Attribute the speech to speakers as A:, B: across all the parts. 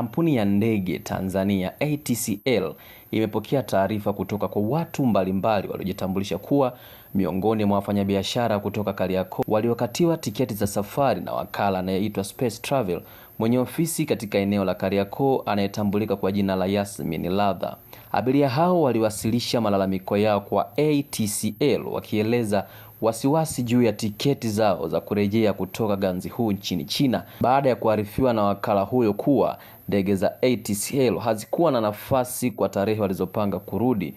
A: Kampuni ya ndege Tanzania ATCL imepokea taarifa kutoka kwa watu mbalimbali waliojitambulisha kuwa miongoni mwa wafanyabiashara kutoka Kariakoo waliokatiwa tiketi za safari na wakala anayeitwa Space Travel mwenye ofisi katika eneo la Kariakoo anayetambulika kwa jina la Yasmin Ladha. Abiria hao waliwasilisha malalamiko yao kwa ATCL wakieleza wasiwasi juu ya tiketi zao za kurejea kutoka ganzi huu nchini China baada ya kuarifiwa na wakala huyo kuwa ndege za ATCL hazikuwa na nafasi kwa tarehe walizopanga kurudi.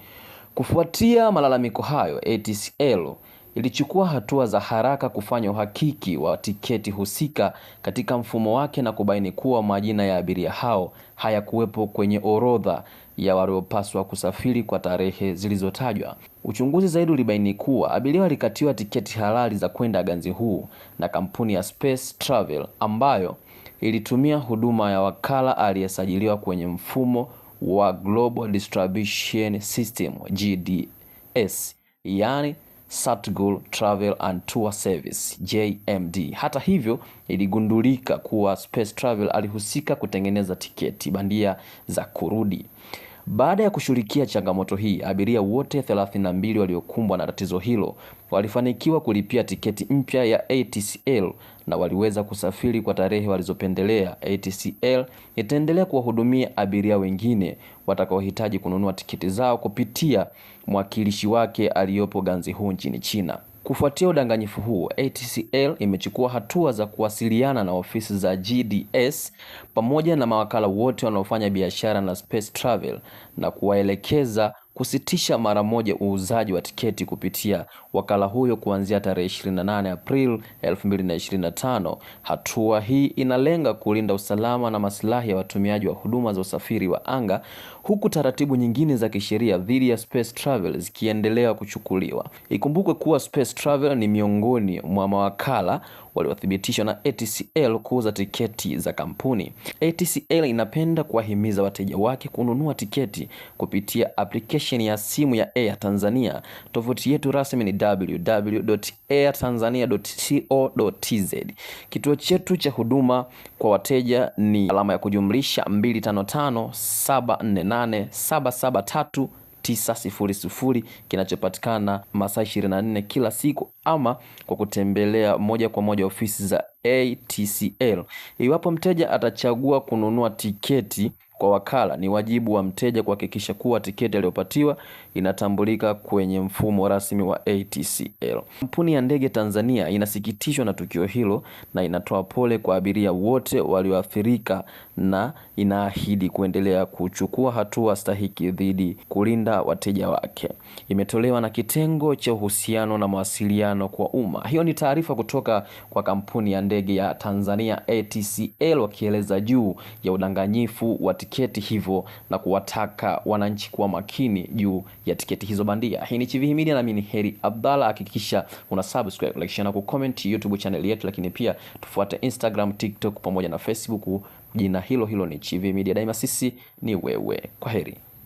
A: Kufuatia malalamiko hayo, ATCL ilichukua hatua za haraka kufanya uhakiki wa tiketi husika katika mfumo wake na kubaini kuwa majina ya abiria hao hayakuwepo kwenye orodha ya waliopaswa kusafiri kwa tarehe zilizotajwa. Uchunguzi zaidi ulibaini kuwa abiria walikatiwa tiketi halali za kwenda ganzi huu na kampuni ya Space Travel ambayo ilitumia huduma ya wakala aliyesajiliwa kwenye mfumo wa Global Distribution System GDS, yani Satgul Travel and Tour Service JMD. Hata hivyo, iligundulika kuwa Space Travel alihusika kutengeneza tiketi bandia za kurudi baada ya kushughulikia changamoto hii, abiria wote 32 waliokumbwa na tatizo hilo walifanikiwa kulipia tiketi mpya ya ATCL na waliweza kusafiri kwa tarehe walizopendelea. ATCL itaendelea kuwahudumia abiria wengine watakaohitaji kununua tiketi zao kupitia mwakilishi wake aliyopo Ganzi huu nchini China. Kufuatia udanganyifu huu, ATCL imechukua hatua za kuwasiliana na ofisi za GDS pamoja na mawakala wote wanaofanya biashara na Space Travel na kuwaelekeza kusitisha mara moja uuzaji wa tiketi kupitia wakala huyo kuanzia tarehe 28 Aprili 2025. Hatua hii inalenga kulinda usalama na maslahi ya watumiaji wa huduma za usafiri wa anga, huku taratibu nyingine za kisheria dhidi ya space travel zikiendelea kuchukuliwa. Ikumbukwe kuwa space travel ni miongoni mwa mawakala waliothibitishwa na ATCL kuuza tiketi za kampuni. ATCL inapenda kuwahimiza wateja wake kununua tiketi kupitia application application ya simu ya Air Tanzania. Tovuti yetu rasmi ni www.airtanzania.co.tz. Kituo chetu cha huduma kwa wateja ni alama ya kujumlisha 2557487739 900 kinachopatikana masaa 24 kila siku, ama kwa kutembelea moja kwa moja ofisi za ATCL. Iwapo mteja atachagua kununua tiketi kwa wakala, ni wajibu wa mteja kuhakikisha kuwa tiketi aliyopatiwa inatambulika kwenye mfumo rasmi wa ATCL. Kampuni ya ndege Tanzania inasikitishwa na tukio hilo na inatoa pole kwa abiria wote walioathirika na inaahidi kuendelea kuchukua hatua stahiki dhidi kulinda wateja wake. Imetolewa na kitengo cha uhusiano na mawasiliano kwa umma. Hiyo ni taarifa kutoka kwa kampuni ya ndege ya Tanzania ATCL wakieleza juu ya udanganyifu wa tiketi hivyo na kuwataka wananchi kuwa makini juu ya tiketi hizo bandia. Hii ni Chivihi Media na mimi ni Heri Abdalla. Hakikisha una subscribe, like, share na kucomment YouTube channel yetu, lakini pia tufuate Instagram, TikTok pamoja na Facebook, jina hilo hilo ni Chivihi Media. Daima sisi ni wewe. Kwa heri.